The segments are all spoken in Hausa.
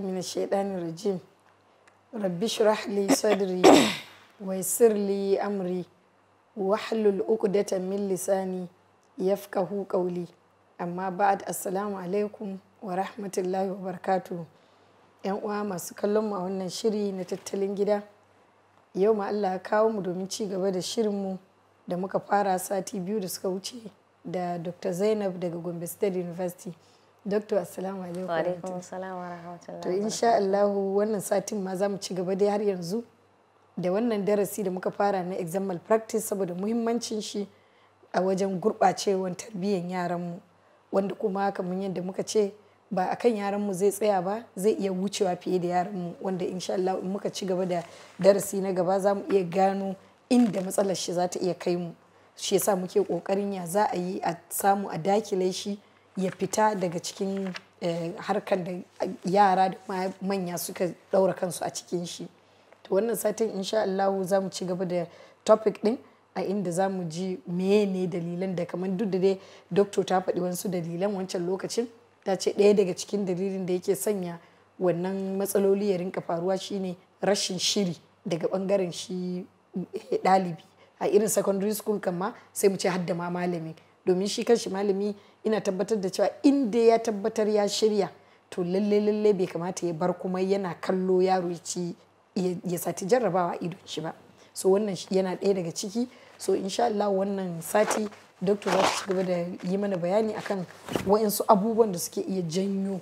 mina shaitani rajim rabbi shrah li sadri wa yassir li amri wahlul uqdatan min lisani yafqahu qawli amma ba'ad assalamu alaikum wa rahmatullahi wa barakatuh yan uwa masu kallon mu a wannan shiri na tattalin gida yau ma Allah kawo mu domin ci gaba da shirin mu da muka fara sati biyu da suka wuce da Dr. Zainab daga Gombe State University Dokto assalamu alaikum. Wa alaikum assalam wa rahmatullahi. To insha Allah wannan satin ma zamu ci gaba dai har yanzu da wannan darasi da muka fara na exam practice saboda muhimmancin shi a wajen gurɓacewar tarbiyyar yaranmu wanda kuma kamar yadda muka ce ba a kan mu zai tsaya ba zai iya wucewa fiye da yaran mu. wanda insha Allah in muka ci gaba da darasi na gaba zamu iya gano inda matsalar shi za ta iya kai mu shi yasa muke ƙoƙarin ya za a yi a samu a dakile shi ya fita daga cikin eh, harkar da yara da manya suka ɗaura kansu a cikin shi to wannan satin insha Allah za mu ci gaba da topic din a inda za mu ji mene dalilan da kamar duk da dai doctor ta faɗi wasu dalilan wancan lokacin ta ce ɗaya daga cikin dalilin da yake sanya wannan matsaloli ya rinka faruwa shine rashin shiri daga ɓangaren shi eh, ɗalibi a irin secondary school kan sai mu ce hadda ma malami domin shi kanshi malami ina tabbatar da cewa inda ya tabbatar ya shirya to lalle lalle bai kamata ya bar kuma yana kallo yaro ci ya sati jarrabawa idon shi ba so wannan yana ɗaya daga ciki so insha Allah wannan sati doctor za ci gaba da yi mana bayani akan wa'insu abubuwan da suke iya janyo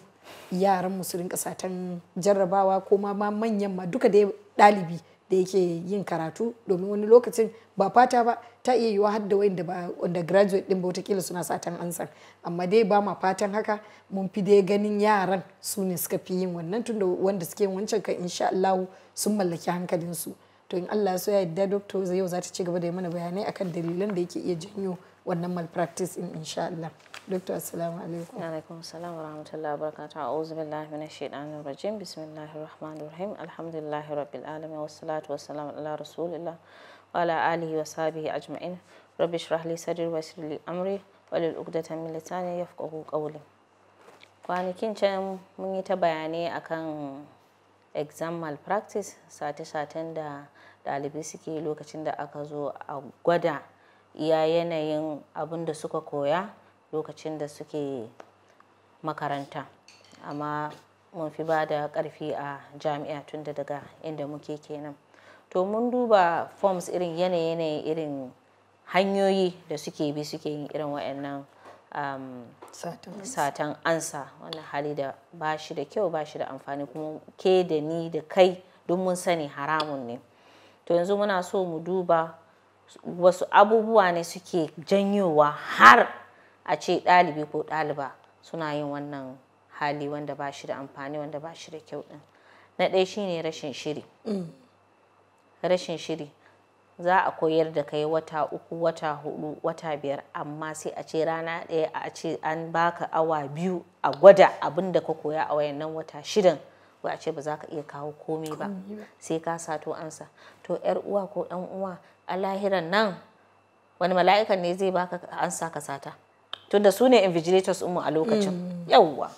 yaran musulun kasatan jarrabawa ko ma manyan ma duka da ɗalibi da yake yin karatu domin wani lokacin ba fata ba ta iya yiwa har da wanda ba graduate din ba wataƙila suna satan ansan amma dai ba ma fatan haka mun fi dai ganin yaran su ne suka fi yin wannan tunda wanda suke wancan ka insha Allah sun mallaki hankalin su to in Allah ya so ya yarda doctor yau za ta ci gaba da yi mana bayanai akan dalilan da yake iya janyo wannan malpractice in insha Allah Dokta assalamu alaikum. Alaikum salam wa rahmatullahi wa barakatuh. A'udhu billahi minash shaitanir rajim. Bismillahir rahmanir rahim. Alhamdulillahi rabbil alamin was salatu was salam ala rasulillah wa ala alihi wa sahbihi ajma'in. Rabbi shrah li sadri wa yassir li amri wa lil 'uqdatan min lisani yafqahu qawli. Kwanakin can mun yi ta bayanai akan exam malpractice sate-saten da ɗalibai suke lokacin da aka zo a gwada iya yanayin abin da suka koya. lokacin da suke makaranta amma mun fi ba da ƙarfi a jami'a tun daga inda muke kenan to mun duba forms irin yanayi irin hanyoyi da suke bi suke yin irin wayannan um, satan ansa wannan hali da bashi da kyau bashi da amfani kuma ke da ni da kai duk mun sani haramun ne to yanzu muna so mu duba wasu abubuwa ne suke janyowa har a ce ɗalibi ko ɗaliba suna yin wannan hali wanda ba shi da amfani wanda ba shi da kyau ɗin na ɗaya shine rashin shiri rashin shiri za a koyar da kai wata uku wata hudu wata biyar amma sai a ce rana ɗaya a ce an baka awa biyu a gwada abinda ka koya a wayannan wata shidan wai a ce ba za ka iya kawo komi ba sai ka sato ansa to yar uwa ko ɗan uwa a lahiran nan wani mala'ikan ne zai baka ansa ka sata tunda su ne invigilators mu a lokacin mm. yawwa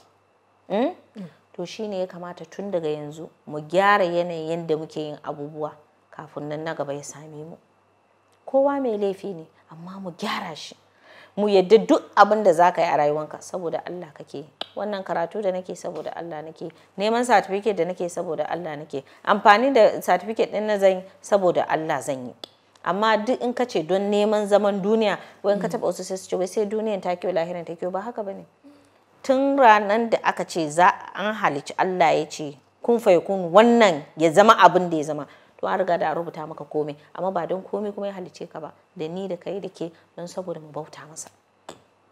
mm? to ne ya kamata tun daga yanzu mu gyara yanayin yadda muke yin abubuwa kafin nan na gaba ya same mu kowa mai laifi ne amma mu gyara shi mu yadda duk abin da za ka yi a rayuwanka saboda Allah kake wannan karatu da nake saboda Allah nake neman certificate da nake saboda Allah nake amfani da certificate din na zan saboda Allah zan yi amma duk in ka ce don neman zaman duniya wai ka taba wasu sai su wai sai duniyan ta kiwo lahirin ta kiwo ba haka bane tun ranar da aka ce za an halici Allah ya ce kun fayakun wannan ya zama abin da ya zama to an riga da a rubuta maka komai amma ba don komai kuma ya halice ka ba da ni da kai da ke don saboda mu bauta masa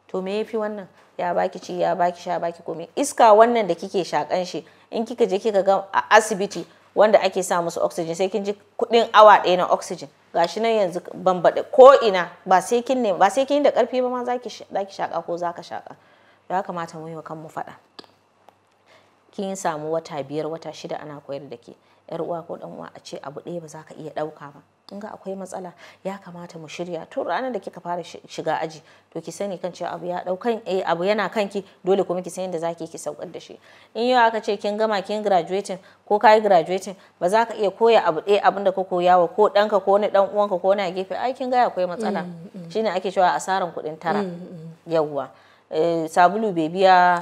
to me yafi wannan ya baki ci ya baki sha baki komai iska wannan da kike shakan shi in kika je kika ga a asibiti wanda ake sa musu oxygen sai kin ji kudin awa ɗaya na oxygen gashi nan yanzu ban baɗi ko ina ba sai kin ne ba sai kin da ƙarfi ba ma zaki zaki shaka ko zaka shaka ya kamata mu yi wa kanmu faɗa kin samu wata biyar wata shida ana koyar da ke yar uwa ko dan uwa a ce abu ɗaya ba za ka iya ɗauka ba kin ga akwai matsala ya kamata mu shirya tun ranar da kika fara shiga aji to ki sani kan cewa abu ya daukan eh, abu yana kanki dole kuma ki san yadda zaki ki saukar da shi in yau aka ce kin gama kin graduating ko kai graduating ba za ka iya koya abu ɗaya abin da ka koya wa ko ɗanka ko wani ɗan uwanka ko wani gefe ai kin ga akwai matsala mm, mm, mm. shine ake cewa asaran kuɗin tara yawwa eh, sabulu bai biya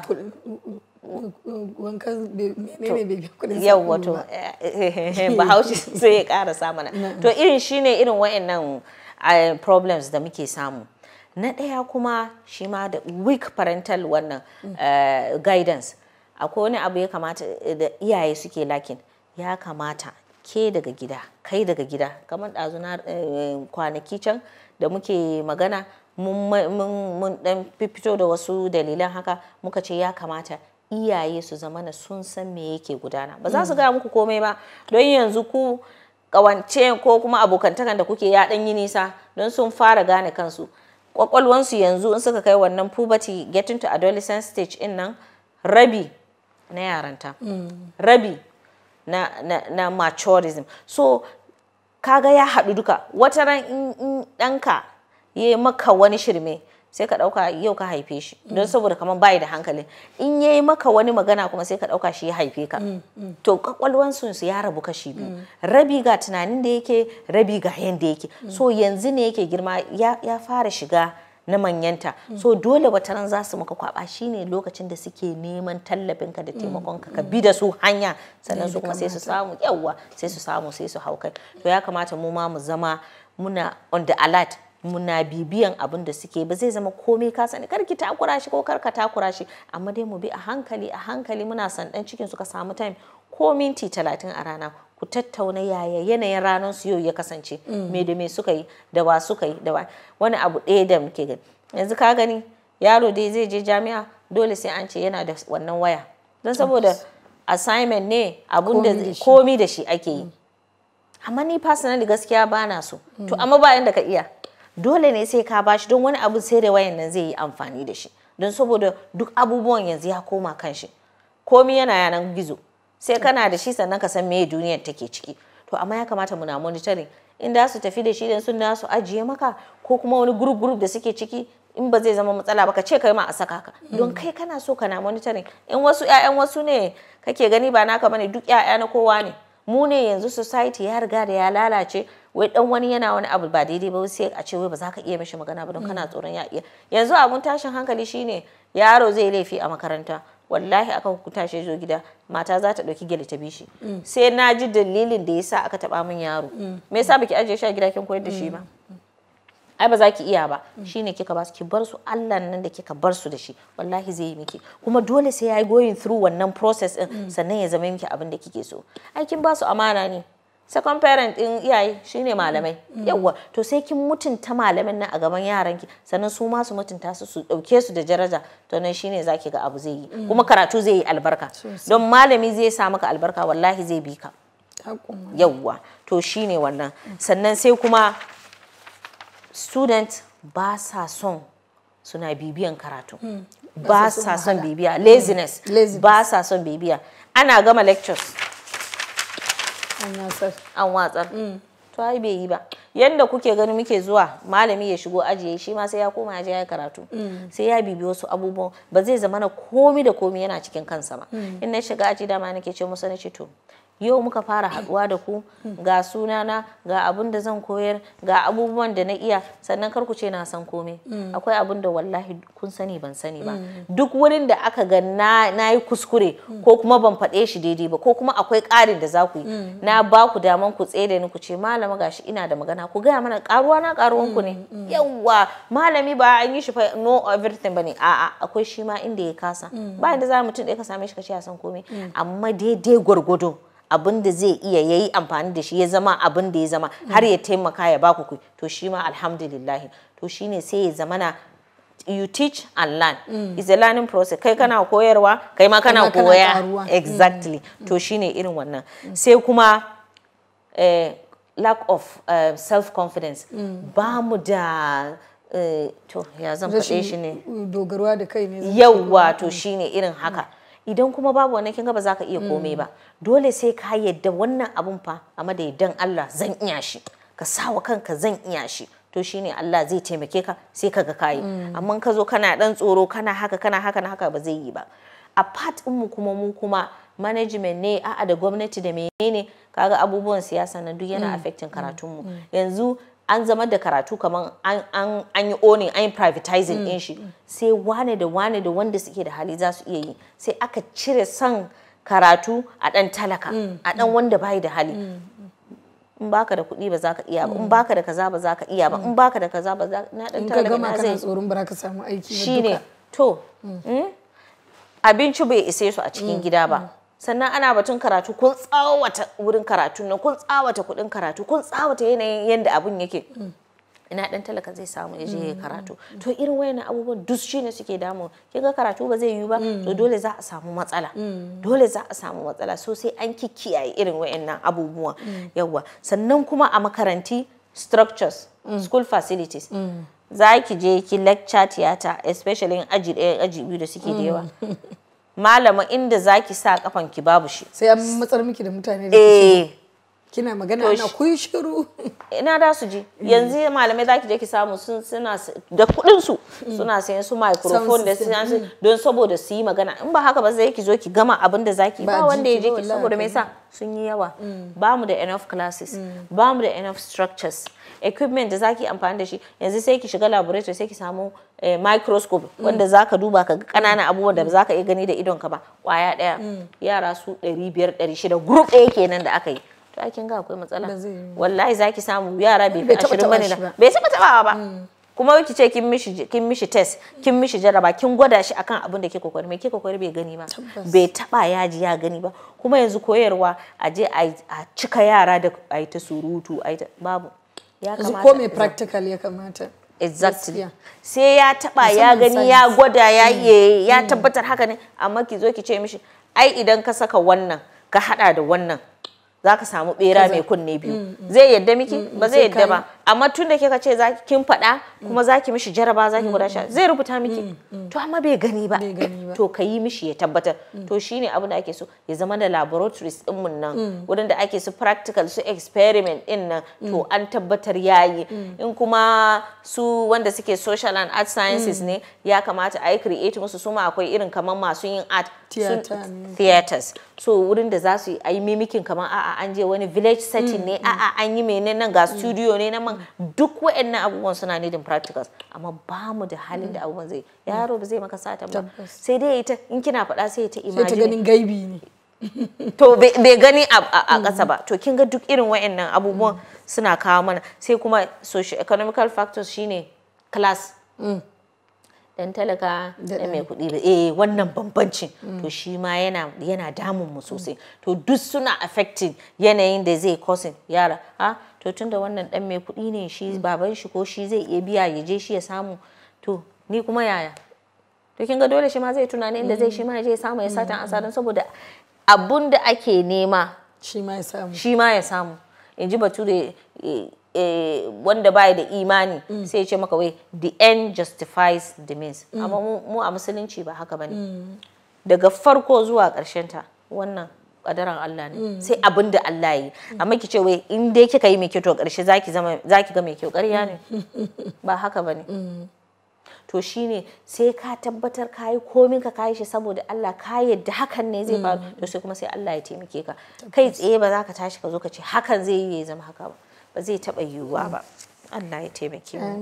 wankan kudin yau wato bahaushe sai ya kara samana. to irin shine irin wa'annan eh, problems da muke samu na ɗaya kuma shi ma da weak parental wannan mm. eh, guidance akwai wani abu ya kamata eh, da iyaye suke lakin ya kamata ke daga gida kai daga gida kamar ɗazuna kwanaki can da muke magana mun dan fito da wasu dalilan haka muka ce ya kamata iyaye su zamana sun san me yake gudana ba za su mm. gaya muku komai ba don yanzu ku kawance ko kuma abokantakan da kuke ya yi nisa don sun fara gane kansu kwakwalwansu yanzu in suka kai wannan puberty getting to adolescent stage in nan rabi na yaranta mm. rabi na, na, na maturism so kaga ya haɗu duka wata ran in ɗanka ya maka wani shirme sai ka ɗauka yau ka haife shi mm. don saboda kamar bai da hankali in yayi maka wani magana kuma sai ka ɗauka shi ya haife ka mm, mm. to kwakwalwan su ya rabu kashi biyu rabi ga tunanin da yake rabi ga yanda yake so yanzu ne yake girma ya fara shiga na manyanta so dole ran za su maka kwaba shine lokacin da suke neman tallafin ka da taimakon ka Ka bi da su hanya sannan su kuma sai su samu yawwa sai su samu sai su haukai. to ya kamata mu ma mu zama muna on the alert muna bibiyan abin da suke ba zai zama komai ka sani kar ki takura shi ko kar ka takura shi amma dai mu bi a hankali a hankali muna san dan cikin su ka samu time ko minti talatin a rana ku tattauna yaya yanayin ranar su yau ya kasance mm. me da me suka yi da wa suka yi da wa wani abu ɗaya da muke gani yanzu ka gani yaro dai zai je jami'a dole sai an ce yana da wannan waya don saboda assignment ne abun da komi da shi ake yi mm. amma ni personally gaskiya ba na so to mm. amma bayan da ka iya dole ne sai ka bashi don wani abu sai da wayan nan zai yi amfani da shi don saboda duk abubuwan yanzu ya koma kan shi komi yana yanan gizo sai kana da shi sannan ka san me duniyar take ciki to amma ya kamata muna monitoring in da su tafi da shi dan sun su ajiye maka ko kuma wani group group da suke ciki in ba zai zama matsala ba ka ce kai ma a saka ka hmm. don kai kana so kana monitoring in wasu ƴaƴan wasu ne kake gani ba naka bane duk ƴaƴa na kowa ne mu ne yanzu society ya riga da ya lalace wai dan wani yana wani abu ba daidai ba sai a ce wai ba za ka iya mishi magana ba don kana mm. tsoron ya iya yanzu abun tashin hankali shine yaro zai laifi a makaranta wallahi aka hukunta shi zo gida mata za ta ɗauki gele ta bishi mm. sai na ji dalilin da yasa aka taba min yaro mm. me yasa baki ajiye shi a gida kin koyar da shi ba ai ba za ki iya ba shine kika ba su ki bar su Allah nan da kika bar su da shi wallahi zai yi miki kuma dole sai yayi going through wannan process din sannan ya zama miki abin da kike so ai kin ba su amana ne second parent din iyaye shine malamai mm. mm. yawwa to sai kin mutunta malamin nan a gaban yaranki sannan su ma su mutunta su su dauke su da daraja to nan shine zaki ga abu zai yi mm. kuma karatu zai yi albarka don malami zai sa maka albarka wallahi zai bi ka yawwa to shine wannan sannan sai kuma student ba sa son suna bibiyan karatu ba sa son bibiya laziness ba sa son bibiya ana gama lectures an watsar mm. to ai bai yi ba yanda kuke gani muke zuwa malami ya shigo aji shi ma sai ya koma ya ya karatu mm. sai ya bibi wasu abubuwan ba zai zama na komi da komi yana cikin kansa ba mm. in na shiga aji dama nake ce musu na ce to yau muka fara haɗuwa da ku ga sunana ga abin da zan koyar ga abubuwan da na iya sannan kar ku ce na san komai mm. akwai abin da wallahi kun sani ban sani ba mm. duk wurin da aka ga na yi kuskure mm. ko kuma ban faɗe shi daidai ba ko kuma akwai ƙarin da za ku yi na ba ku daman ku tsaye ni ku ce malama gashi ina da magana ku gaya mana karuwa na karuwan ku ne yawwa malami ba an yi shi fa no everything bane a'a akwai shi ma inda ya kasa ba inda za mutum da ka same shi ka ce ya san komai amma daidai gwargwado abin da zai iya ya yi amfani da shi ya zama abin da ya zama har ya taimaka ya baku ku to shi ma alhamdulillah to shine sai ya zamana you teach and learn mm. is a learning process kai kana koyarwa kai ma kana koya mm. exactly to mm. shine irin wannan sai kuma eh, lack of eh, self confidence ba mu da eh, to ya zan faɗe shi ne dogarwa da kai ne yauwa to shine irin haka idan kuma babu wani kin ga ba za ka iya komai mm. ba dole sai ka yadda wannan abun fa a madaidan Allah zan iya shi ka sawa kanka zan iya shi to shine Allah zai taimake ka sai ka ga kayi mm. amma ka zo kana dan tsoro kana haka kana haka na haka ba zai yi ba a part din mu kuma mu kuma management ne a'a da gwamnati da menene kaga abubuwan siyasa na duk yana mm. affecting karatun mu yanzu an zama da karatu kamar an yi owning an yi privatizing mm. din shi sai wane da wane da wanda suke da hali za su iya yi sai aka cire son karatu a dan talaka mm. a dan wanda bai da hali mm. in baka da kuɗi ba za ka iya ba in baka da kaza ba za ka iya ba in baka da kaza ba za na dan talaka ina zai tsoron ba ka samu aiki ba shine to hmm? abinci bai ise su a cikin gida ba sannan ana batun karatu kun tsawata wurin karatu nan kun tsawata kuɗin karatu kun tsawata yanayin yadda abun yake ina dan talaka zai samu ya je karatu to irin wayannan abubuwan duk ne suke damu kin ga karatu ba zai yiwu ba to dole za a samu matsala dole za a samu matsala so sai an kikiyaye irin wayannan abubuwan yawa sannan kuma a makaranti structures school facilities za ki je ki lecture theater especially in aji ɗaya aji biyu da suke da yawa malama inda zaki sa kafan ki babu shi sai an matsar miki da mutane da eh kina magana ana kun shiru ina da su ji yanzu malamai za ki je ki samu sun suna da kudin su suna sayan su microphone da su don saboda su yi magana in ba haka ba zai ki zo ki gama abin da zaki ba wanda ya je ki saboda me yasa sun yi yawa mm. ba mu da enough classes mm. ba mu da enough structures equipment da zaki amfani da shi yanzu sai ki shiga laboratory sai ki samu eh, microscope mm. wanda zaka duba ka ga kananan abubuwan da zaka iya gani da idon ka ba kwaya daya yara su 500 600 group ɗaya kenan da aka yi to ai kin ga akwai matsala wallahi zaki samu yara bai ta 20 bane bai taba tabawa ba mm. kuma ki ce kin mishi kin mishi test kin mishi jaraba kin gwada shi akan abin da ke kokari mai ke kokari bai gani ba bai taba yaji ya gani ba kuma yanzu koyarwa a je a cika yara da a ta surutu a babu ya kamata ko mai practical ya kamata exactly sai ya taba ya gani ya gwada ya mm. ya mm. tabbatar haka ne amma ki zo ki ce mishi ai idan ka saka wannan ka hada da wannan za ka samu bera mai kunne biyu mm, mm. zai yadda miki mm, ba zai yadda ba amma tun da kika ce za kin faɗa kuma mm. zaki mishi jaraba za ki mm, guda mm, zai rubuta miki to amma bai gani ba to ka yi mishi ya tabbatar to shine abin da ake so ya zama da laboratories din mun nan wurin da ake su practical su experiment din nan to an tabbatar yayi in kuma su wanda suke social and art sciences ne ya kamata a yi create musu su ma akwai irin kamar masu yin art theaters so wurin da za su yi mimikin kamar a'a an je wani village setting ne a'a an yi menene nan ga studio ne na man duk wa'annan abubuwan suna needing practicals amma ba mu da halin da abubuwan zai yaro ba zai maka satan ba sai dai ita in kina faɗa sai ta imagine sai ta ganin gaibi ne to bai gani a ƙasa ba to kin ga duk irin wa'annan abubuwan suna kawo mana sai kuma socio economical factors shine class mm. dan talaka da mai kuɗi ba eh wannan bambancin to shi ma yana yana damun mu sosai to duk suna affecting yanayin da zai causing yara ha ah, to tunda wannan dan mai kuɗi ne shi baban shi ko shi zai iya biya ya je shi ya samu to ni kuma yaya to kin ga dole shi ma zai tunani inda zai shi ma ya je ya samu ya satan asarin saboda abun da ake nema shi ma ya samu shi ma ya samu in ji bature eh, Eh, wanda baya da imani mm. sai ya ce maka wai the end justifies the means mm. amma mu a musulunci ba haka bane mm. daga farko zuwa karshen ta wannan kadaran Allah ne sai abin da Allah yi amma ki ce wai in dai kika yi mai kyau to ƙarshe zaki zama zaki ga mai kyau ƙarya ne ba haka bane to shine sai ka tabbatar ka yi komin ka kayi shi saboda Allah ka yadda hakan ne zai faru to sai kuma sai Allah ya taimake ka kai tsaye ba za ka tashi ka zo ka ce hakan zai yi ya zama haka ba ba zai taɓa yiwuwa ba Allah ya taimake mu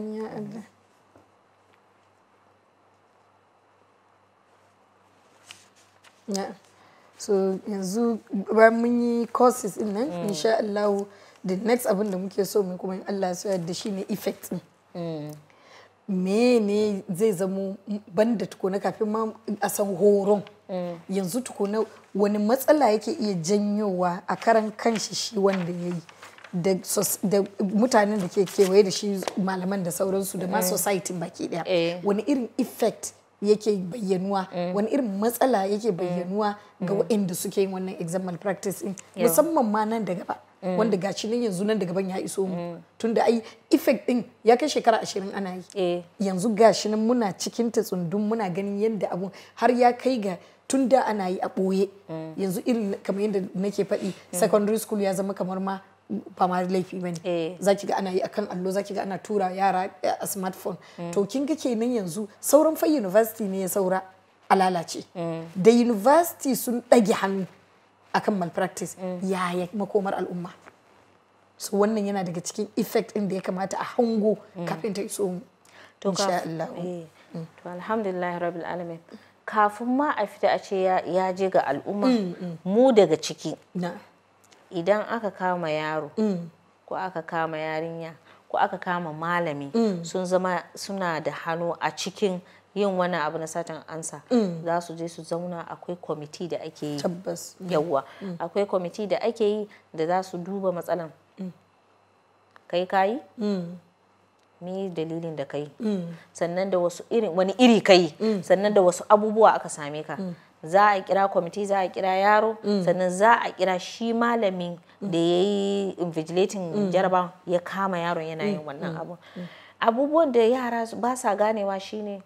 so yanzu bayan mun yi courses din nan mm. insha Allah the next abin da muke so mu kuma Allah da shi ne effect din mm. mene zai zamo banda tukuna kafin ma a san horon mm. yanzu tukuna wani matsala yake iya janyowa a karan kanshi shi wanda yayi. da mutanen da ke kewaye da shi malaman da sauransu da ma eh. society baki daya eh. wani irin effect yake bayyanuwa eh. wani irin matsala yake bayyanuwa ga waɗanda suke yin wannan exam malpractice din musamman ma nan da gaba wanda gashi nan yanzu nan da gaban ya iso mu tunda ai effect din ya kai shekara ashirin ana yi yanzu gashi nan muna cikin ta tsundun muna ganin yadda abu har ya kai ga tun da ana yi a ɓoye yanzu irin kamar yadda nake faɗi secondary school ya zama kamar ma fama da laifi bane eh. za ki ga ana yi akan allo za ki ga ana tura yara eh, a smartphone to kin ga kenan yanzu sauran fa university ne ya saura a lalace eh. da university sun ɗage hannu akan malpractice ya makomar al'umma so wannan yana daga cikin effect din da ya kamata a hango kafin ta iso mu insha Allah mm. to alhamdulillah rabbil alamin kafin ma a fita a ce ya je ga al'umma mm, mm. mu daga ciki idan aka kama yaro mm. ko aka kama yarinya ko aka kama malami mm. sun zama suna da hannu a cikin yin wani abu na satan ansa mm. za su je su zauna akwai kwamiti da ake yi yawwa akwai kwamiti da ake yi da za su duba matsalan kai kayi me dalilin da kai sannan da wasu irin wani iri kai sannan da wasu abubuwa aka same ka za a kira kwamiti za a kira yaro mm. sannan za a kira shi malamin mm. da ya yi invigilating mm. jarabawan ya kama yaron yana yin wannan abu. abubuwan da yara ba sa ganewa shine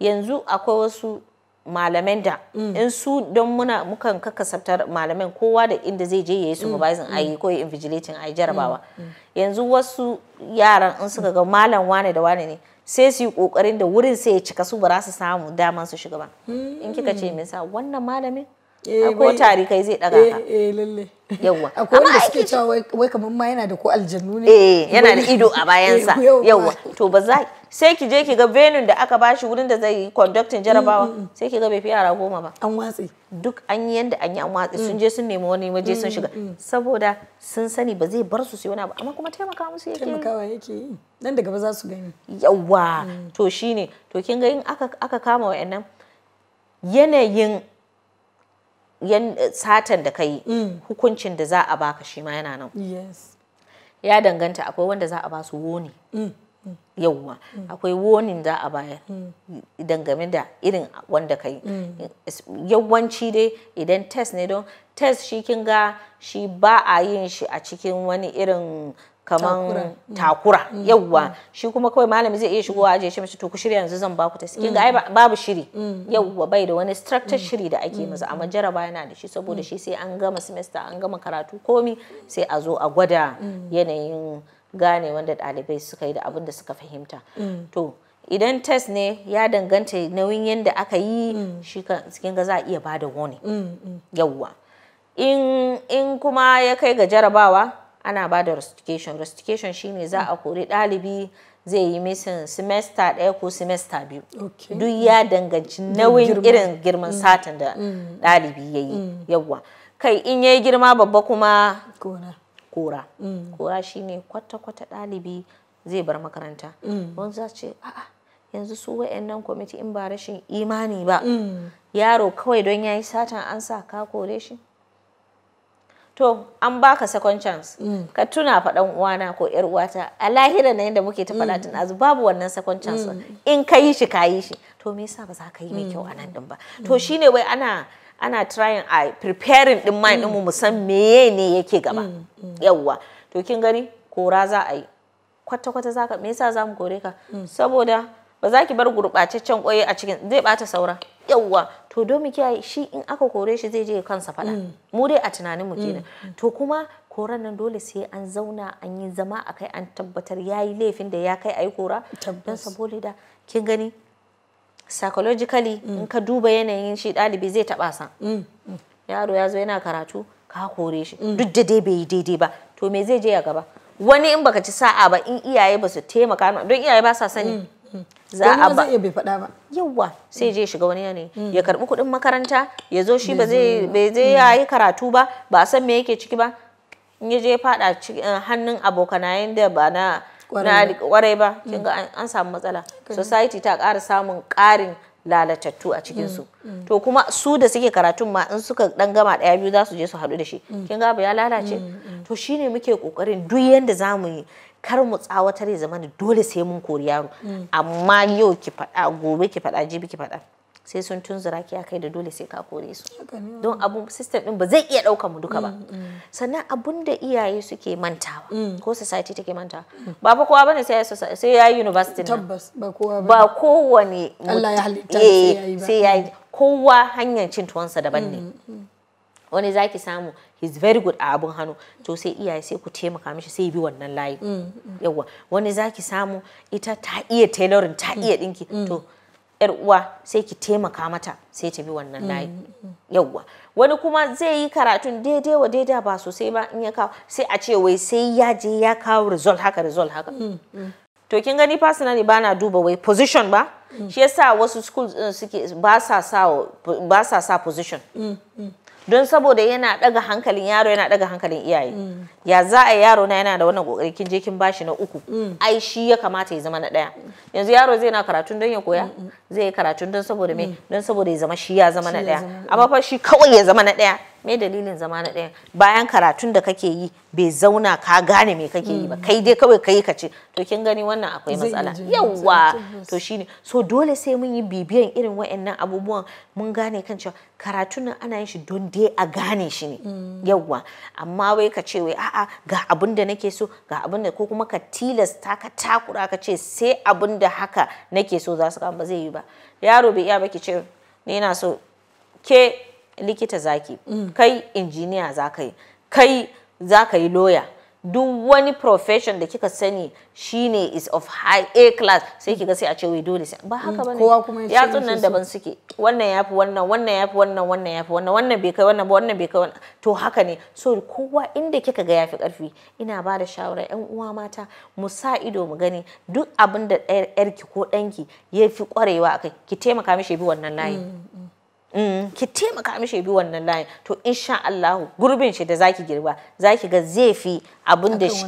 yanzu akwai wasu malaman da mm. in su don muna mukan kakasabtar malaman kowa da inda zai je yayi supervising mm. ayi ko invigilating ayi jarabawa mm. yanzu wasu yaran in suka ga malam wane da wane ne sai su yi kokarin da wurin sai ya cika su ba za su samu daman su shiga ba in kika ce min sa wannan malamin Eh, ko tari kai zai daga eh, ka eh lalle yawa akwai wanda suke cewa wai kamar ma yana da ko aljannu ne eh yana da ido a bayansa eh, yawa to ba za sai ki je ki ga venue da aka bashi wurin da zai conducting jarabawa mm, mm, mm. sai ki ga bai fi yara goma ba an watsi duk an yi yanda an yi an watsi sun je sun nemi wani waje sun shiga saboda sun sani ba zai bar su sai wani abu amma kuma taimaka musu yake taimakawa yake yi nan daga ba za su gani yawa to shine to kin ga in aka aka kama wa'annan yanayin Yan satan da ka mm. hukuncin da za a baka shi ma yana nan ya danganta akwai wanda za a ba su woni mm. mm. yauwa akwai wonin za a baya dangane da irin wanda ka yawanci dai idan test ne don test shi kin ga shi ba a yin shi a cikin wani irin kaman takura mm. mm. yawwa mm. shi kuma kawai malami zai iya shigowa aje shi mace to ku shirya yanzu zan baku ta kin ga babu shiri yauwa bai da wani structure shiri da ake masa amma jaraba yana da shi saboda shi sai an gama semester an gama karatu komi sai a zo a gwada yanayin gane wanda ɗalibai suka yi da abin da suka fahimta to idan test ne ya danganta nauyin yadda aka yi shi cikin ga za a iya bada warning yawwa in kuma ya kai ga jarabawa ana ba da rustication rustication shine za a kori ɗalibi zai yi misin semester ɗaya ko semester biyu duk ya danganci nauyin irin girman mm. satin da mm. ɗalibi ya yi mm. yawwa kai in ya yi girma babba kuma kora kora shi ne kwata-kwata ɗalibi zai bar makaranta wani za ce a'a yanzu su nan kwamiti in ba rashin imani ba yaro kawai don ya yi satin an sa ka kore shi to an baka second chance mm. ka tuna fa dan uwana ko yar uwata a lahira na yanda muke ta faɗa mm. tun azu babu wannan second chance mm. in ka yi shi ka yi shi to me yasa ba za ka yi mai kyau a nan din ba to shine wai ana ana trying a preparing din mind din mu san meye ne yake gaba yawwa to kin gani kora za a yi kwata-kwata ka me yasa za mu kore ka saboda ba za ki bar gurɓataccen ƙwaye a cikin zai bata saura yawwa to domi kiyaye shi in aka kore shi zai je kansa fada mm. mu dai a tunanin mu kenan mm. to kuma koran nan dole sai an zauna an yi zama akai an tabbatar yayi laifin da ya kai ayi kora don saboda da kin gani psychologically mm. in ka duba yanayin shi ɗalibi zai taɓa sa yaro ya zo yana karatu ka kore shi duk da dai bai yi daidai ba to me zai je ya gaba wani in baka ci sa'a ba in iyaye ba su taimaka don iyaye ba sa sani za a ba bai faɗa ba yawa sai je shiga wani yanayi mm. ya karbi kuɗin makaranta ya zo shi ba zai bai zai yayi mm. karatu ba ba a san me yake ciki ba in ya je faɗa eh, hannun abokanayen da ba na kwarai ba kin mm. ga an samu matsala society ta ƙara samun ƙarin lalatattu a cikin su to kuma su da suke karatun ma in suka dan gama ɗaya biyu za su je su haɗu da shi kin ga ba ya lalace to shine muke kokarin duk yanda zamu yi kar mu tsawatar ya zama dole sai mun kori yaro amma yau ki faɗa gobe ki faɗa jibi ki faɗa sai sun tunzura ki kai da dole sai ka kore su don abun system din ba zai iya ɗaukan mu duka ba mm, mm. sannan abun da iyaye suke mantawa mm. ko society take mantawa ba ba kowa bane sai sai yayi university tabbas ba kowa ba kowane Allah ya halitta sai eh, yayi kowa hanyar cin tuwansa daban ne wani zaki samu he's very good a abun hannu to sai iyaye sai ku taimaka mishi sai bi wannan layi mm, mm. yawa wani zaki samu ita ta iya tailoring ta iya dinki mm, to yar uwa sai ki taimaka mata sai ta bi wannan layi yawa wani kuma zai yi karatun daidai wa daida ba sosai ba in ya kawo sai a ce wai sai ya je ya kawo result haka result haka to kin gani personally ba na duba wai position ba shi yasa wasu schools eh, suke ba sa sa position don saboda yana daga hankalin yaro yana daga hankalin iyaye mm. ya za a yi yaro na yana da wannan kokari kin je kin bashi na uku mm. ai shi ya kamata ya zama na daya yanzu yaro zai na karatun don ya koya mm, mm. zai yi karatun don saboda me don saboda ya zama shi ya zama na daya amma fa shi kawai ya zama na daya me dalilin zama na daya bayan karatun da kake yi bai zauna ka gane me kake yi ba kai dai kawai kai ka ce to kin gani wannan akwai matsala yawa to shine so dole sai mun yi bibiyan irin wayannan abubuwan mun gane kan cewa karatun nan ana yin shi don dai a gane shi ne yawa amma wai ka ce wai a a'a ga abin da nake so ga abin da ko kuma ka tilasta ka takura ka ce sai abin da haka nake so za su ba zai yi ba yaro bai iya ba ki ce ni na so ke likita zaki mm. kai injiniya za ka yi kai za ka yi loya duk wani profession da kika sani shine is of high A class sai kiga sai a ce wai dole sai ba mm, haka bane kowa kuma ya nan daban suke wannan yafi wannan wannan yafi wannan wannan yafi wannan wannan bai kai wannan ba wannan bai kai wannan to haka ne so kowa inda kika ga yafi karfi ina ba da shawara yan uwa mata mu sa ido mu gani duk abin da yarki ko danki yafi kwarewa akai ki taimaka mishi bi wannan layi mm, mm. ki taimaka mishi bi wannan layin to insha Allah gurbin shi da zaki girba zaki ga zai fi abin da shi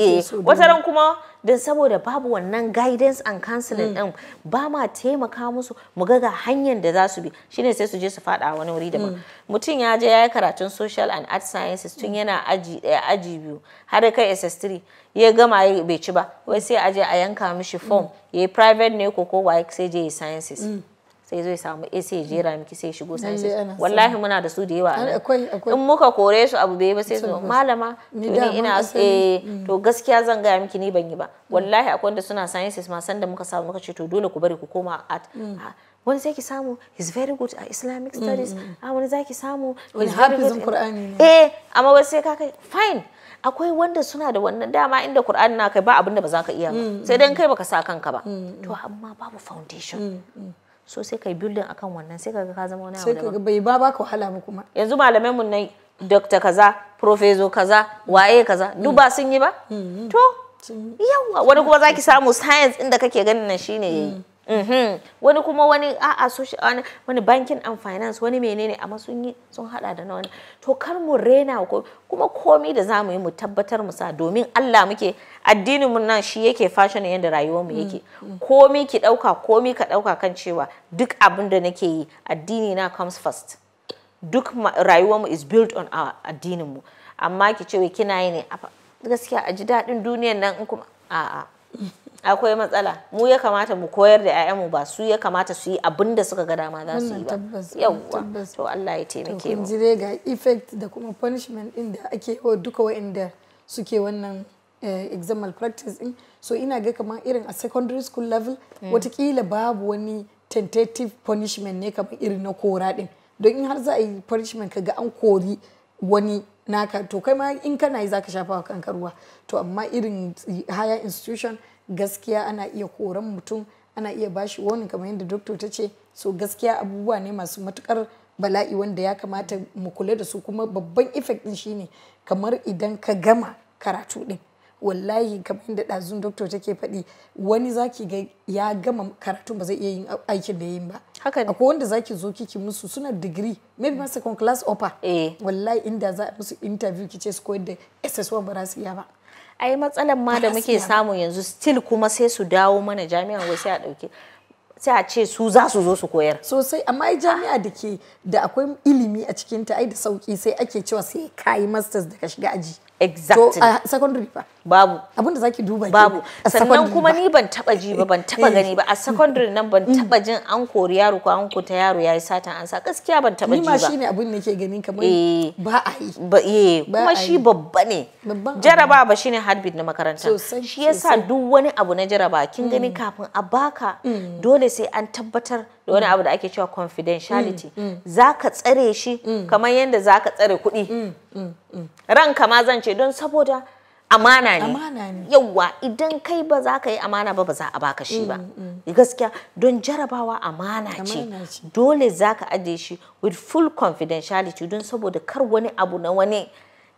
eh, wata ran kuma don saboda babu wannan guidance and counseling mm. din ba ma taimaka musu mu ga ga hanyar da za su bi shine sai su je su fada wani wuri daban mm. mutum ya je ya yi karatun social and art sciences tun yana aji daya aji biyu har da kai ss3 ya gama ya bai ci ba wai sai a je a yanka mishi form mm. ya yi private ne ko ko sai je sciences sai zai samu AC jera miki sai shigo sai wallahi muna da su da yawa in muka kore su abu bai ba sai su malama to ni ina eh mm. to gaskiya zan gaya miki ni ban yi ba mm. wallahi akwai wanda suna sciences ma san da muka samu muka ce to dole ku bari ku koma art mm. ah, wani ki samu is very good a islamic studies a ah, wani zaki samu is very good eh amma wai sai ka kai fine akwai wanda suna da wannan dama inda Qur'ani na kai ba abin da ba za ka iya ba sai dan kai baka sa kanka ba to amma babu foundation so sai kai building akan wannan sai kaga ka zama wani abu daban sai bai ba baka wahala mu kuma yanzu malamai mun nan doctor kaza professor kaza waye kaza duk ba sun yi ba mm, mm. to yawa wani kuma zaki samu science inda kake ganin nan shine yayi Mhm. wani kuma wani a'a social wani bankin and finance wani menene amma sun yi sun hada da na wani to kar mu rena ko kuma komi da zamu yi mu tabbatar mu sa domin Allah muke addinin mu nan shi yake fashion yanda rayuwar mu yake mm, mm. komi ki dauka komi ka dauka kan cewa duk abin da nake yi addini na comes first duk rayuwar mu is built on our addinin mu amma ki ce kina yi ne gaskiya a ji daɗin duniyar nan in kuma a'a mm. akwai matsala mu ya kamata mu koyar da 'ya'yanmu ba su ya kamata su yi abin da suka ga dama za su yi ba yawwa to Allah ya taimake mu jire ga effect da kuma punishment din da ake yawa duka wa'inda suke wannan eh, exam malpractice din so ina ga kamar irin a secondary school level hmm. watakila babu wani tentative punishment ne kamar irin na kora din don in har za a yi punishment kaga an kori wani naka to kai ma in kana yi zaka shafa wa kanka ruwa to amma irin higher institution gaskiya ana iya koran mutum ana iya bashi wani kamar yadda doktor ta ce so gaskiya abubuwa ne masu matukar bala'i wanda ya kamata mu kula da su kuma babban effect din shine kamar idan ka gama karatu din wallahi kamar yadda ɗazun doktor take faɗi wani zaki ga ya gama karatu ba zai iya yin aikin da yin ba haka akwai wanda zaki zo kiki musu suna digiri maybe ma second class offer. eh. wallahi inda za a musu interview kice su koyar da ss1 ba za su iya ba ai matsalan ma da muke samu yanzu still kuma sai su dawo mana jami'an wai sai a dauke sai a ce su za su zo su koyar sosai amma ai jami'a da ke da akwai ilimi a cikinta ai da sauki sai ake cewa sai kayi masters daga shiga aji exactly a secondary ba babu abinda zaki duba babu sannan kuma ni ban taba ji ba ban taba eh. gani ba a secondary nan ban mm. taba jin an kori yaro ko an kota yaro yayi satan an sa gaskiya ban taba ji ba ni ma shine abun ne ke ganin kamar eh. ba a yi ba eh. kuma shi babba ne jaraba ba shine heartbeat na makaranta shi yasa duk wani abu na jaraba kin gani mm. kafin a baka mm. dole sai an tabbatar da wani abu da ake cewa confidentiality mm, mm. za ka tsare shi mm. kamar yadda za ka tsare kuɗi ranka ma zan ce don saboda amana ne yauwa idan kai ba za ka yi amana ba ba za a baka shi ba gaskiya don jarabawa amana ce dole za ka ajiye shi with full confidentiality don saboda kar wani abu na wani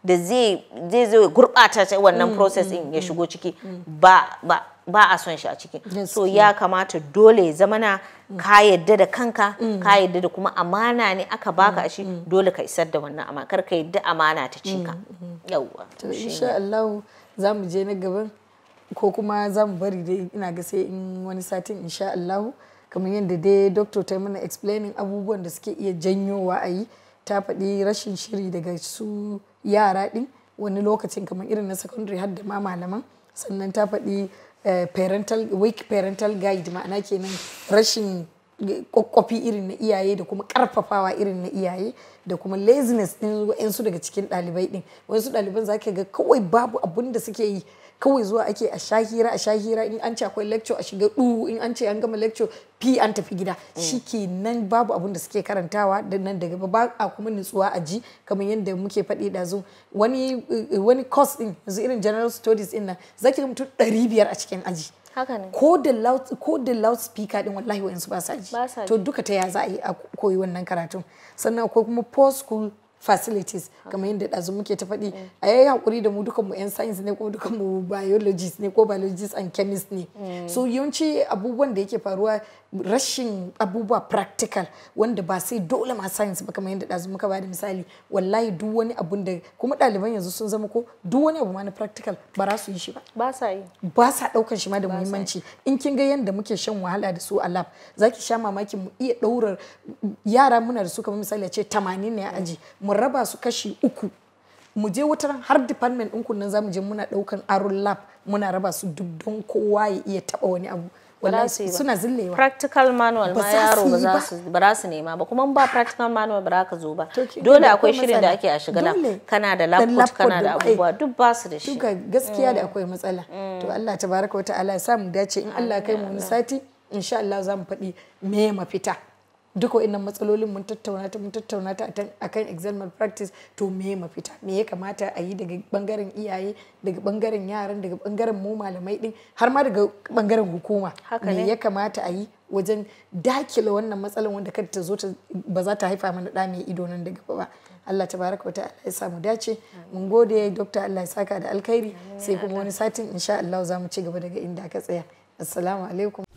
da zai zai gurɓata wannan process din ya shigo ciki ba a son shi a ciki so ya kamata dole zamana ka yadda da kanka ka yadda da kuma amana ne aka baka shi dole ka isar da wannan amana kar ka yadda amana ta ka yawwa to insha Allah za mu je na gaban ko kuma za mu bari dai ina ga sai in wani satin insha Allah kamar yadda dai doctor ta mana explaining abubuwan da suke iya janyowa ayi. ta faɗi rashin shiri daga su yara ɗin wani lokacin kamar irin na secondary har da ma malaman sannan ta faɗi Eh, parental weak parental guide ma'ana kenan rashin kwakwafi irin na iyaye da kuma karfafawa irin na iyaye da kuma laziness din wa'insu daga cikin ɗalibai din wasu ɗaliban za ga kawai babu abun da suke yi kawai zuwa ake a sha hira a sha hira in an ce akwai lecture a shiga du in an ce an gama lecture fi an tafi gida mm. shike nan babu abin da suke karantawa da nan daga ba a kuma nutsuwa a ji kamar yadda muke faɗi ɗazu wani wani course din yanzu irin general studies din nan zaki mutum ɗari biyar a cikin aji ko da loud ko da loud speaker din wallahi wa'ansu ba sa ji to duka ta ya za a yi a koyi wannan karatun sannan akwai kuma post school facilities kamar yadda ɗazu muke ta faɗi mm. a yayi hakuri da mu dukan mu 'yan science ne ko dukanmu mu biologists ne ko biologists and chemists ne mm. so yawanci abubuwan da yake faruwa rashin abubuwa practical wanda ba sai dole ma science ba kamar yadda ɗazu muka bada misali wallahi duk wani abun da kuma ɗaliban yanzu sun zama ko duk wani abu ma na practical ba za su yi shi ba ba sa yi ba sa ɗaukar shi ma da muhimmanci in kin ga yadda muke shan wahala da su a lab zaki sha mamaki mu iya ɗaurar yara muna da su kamar misali a ce 80 ne a aji mu raba su kashi uku mu je wata har department ɗin nan mu je muna ɗaukan aron lab muna raba su duk don kowa ya iya taɓa wani abu suna zillewa practical manual ma yaro ba za su ba za su nema ba kuma ba practical manual ba ka zo ba dole akwai shirin da ake a shiga nan kana da laptop kana da abubuwa duk ba su da shi duka gaskiya da mm. akwai matsala to mm. Allah tabaraka wa ta'ala ya samu dace in Allah kai mu wani sati insha Allah za mu faɗi me mafita duk wa'annan matsalolin mun tattauna ta mun tattauna ta kan exam malpractice to me mafita me ya kamata a yi daga bangaren iyaye daga bangaren yaran daga bangaren mu malamai din har ma daga bangaren hukuma me ya kamata a yi wajen dakile wannan matsalar wanda kada ta zo ta ba za ta haifa mana da mai ido nan daga ba Allah tabaraka wa ta'ala ya samu dace mun gode dr Allah ya saka da alkhairi sai kuma wani satin insha Allah za mu ci gaba daga inda ka tsaya assalamu alaikum